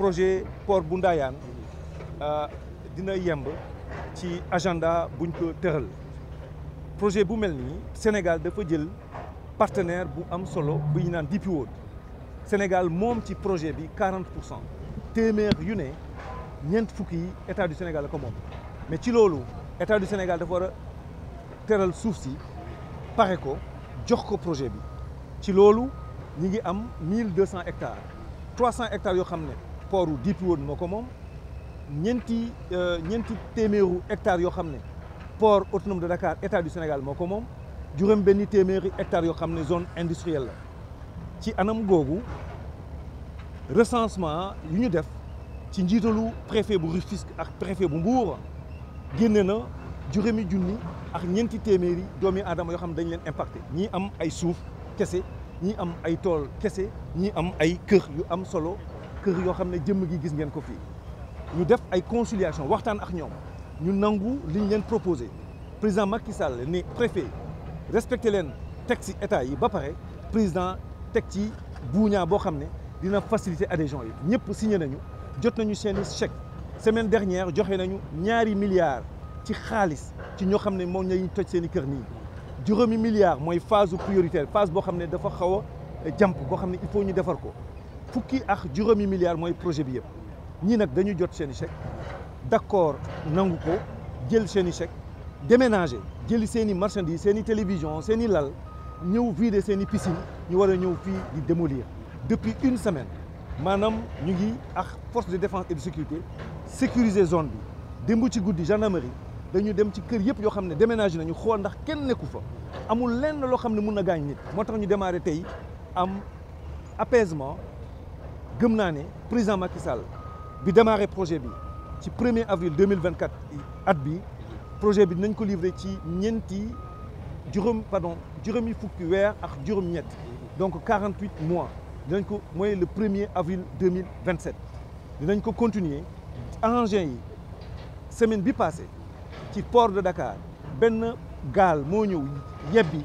projet port Bundayan euh, dina yemb ci agenda buñ ko teural projet bu melni Sénégal dafa jël partenaire bu am solo bu ñu DP World Sénégal mom ci projet bi 40 pour cent téeméer yu ne fukki yi état du Sénégal ko mom mais ci lolu état du Sénégal dafa war a teral suuf si ko jox ko projet bi ci lolu ñi ngi am 1200 hectares 300 hectares yo xamné port diitu woon moko mom ñenti euh, ñenti téméru hectare yo xamné port autonome de Dakar état du Sénégal moko mom moom juróom benni téeméeri hectares yoo xam zone industrielle la ci anam gogou recensement yu ñu def ci njitalu préfet bu Rufisque ak préfet bu Mbour génne na juróomi junni ak ñenti téméri doomi adam yo xamné dañ leen impacté ñi am ay souf kessé ñi am ay tol kessé ñi am ay kër yu am solo kër yoo xam ne jëmm gi gis ngeen ko fii ñu def ay conciliation waxtaan ak ñoom ñu nangu liñ leen proposé président Macky Sall ni préfet respecté leen teg ci état yi ba pare président teg ci buuñaa boo xam ne dina faciliter adhésion yi ñëpp signé nañu jot nañu seeni chèque semaine dernière joxe nañu ñaari milliards ci xaalis ci ñoo xam ne moom ñuy toj seen i kër nii juróomi milliards mooy phase prioritaire phase boo xam ne dafa xaw a jàmp boo xam ne il faut ñu defar ko fukki ak juróomi milliards moy projet bi yëpp ñii nak dañu jot seen chèque d'accord nanguko, ko jël seen chèque déménager jëli seen marchandises seen télévision seen lal ñëw vider seen piscine ñu war a fi di démolir depuis une semaine manam ñu ngi ak force de défense et de sécurité sécuriser zone bi dembu ci goudi gendarmerie dañu dem ci kër yëpp yoo xam ne déménager nañu xool ndax kenn nekku fa amul lenn loo xam ne mun na gaañ nit moo tax ñu démarré tey am apaisement le président Macky a démarré démarré projet le 1er avril 2024 Le projet bi livré ci pardon juróomi donc 48 mois dinañ ko le 1er avril 2027 Nous ko continuer engins la semaine bi passé le port de Dakar ben gal, yebbi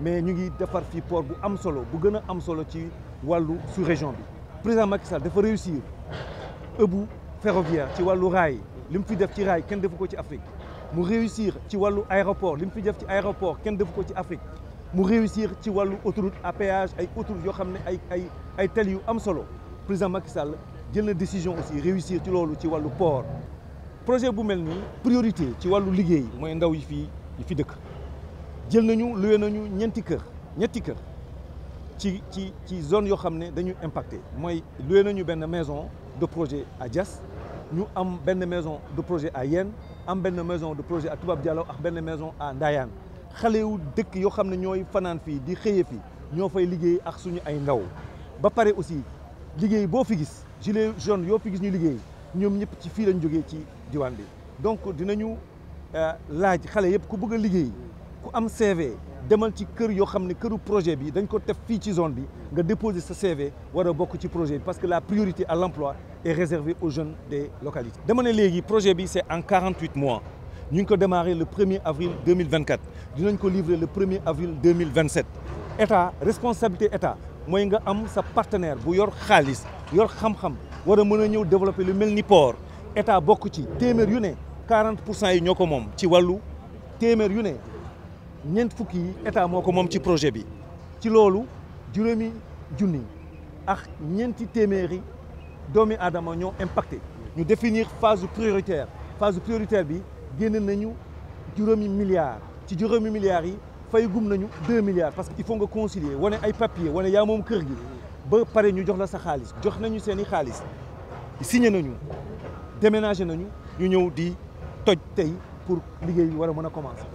mais ñu ngi defar faire port bu am solo bu gën am solo ci walu sous région bi président Macky Sall dafa réussir Ebu ferroviaire ci walu rail li mu fi def ci raay kenn ci Afrique mu réussir ci walu aéroport li mu fi def ci aéroport kenn defu ci Afrique mu réussir ci walu autoroute à péage ay autoroute yo xam ne ay ay ay am solo président Macky Sall jël na décision aussi réussir ci loolu ci walu port projet bu priorité ci walu liggéey mooy ndaw yi fii yi fi dëkk jël nañu luwe nañu ñeenti kër ñetti kër ci ci ci zone yo xamné dañu impacté moy luwe nañu ben maison de projet à Dias ñu am ben maison de projet à Yène am ben maison de projet à Toubab Dialaw ak ben maison à Ndayane xalé wu dëkk yo xamné ne ñooy fanaan fii di xëye fi ño fay liggéey ak suñu ay ndaw ba paré aussi liggéey bo fi gis gilet jaune yo fi gis ñu liggéey ñom ñëpp ci fi lañ joggé ci diwan bi donc dinañu euh laaj xalé yépp ku bëgg liggéey am CV demal ci kër yo xam këru projet bi dañ ko def fi ci zone bi nga déposer sa CV wara a ci projet parce que la priorité à l'emploi est réservée aux jeunes des localités. dama projet bi c'est en 48 mois ñu avons ko démarrer le 1er avril 2024 dinañ ko livrer le 1er avril 2027 état responsabilité état moy nga am sa partenaire bu yor xaalis yor xam-xam wara mëna mën ñëw développer lu melni port état bokk ci témer yu né 40 pour cent yi ñoo ko ci walu témer yu né nous fukki état ci projet bi ci lolu Nous junni ak impacté ñu définir phase prioritaire phase prioritaire bi nous nañu milliards ci milliards yi nañu milliards parce que il faut concilier wane ay papier wane ya la sa jox nañu signé nañu di toj pour commencer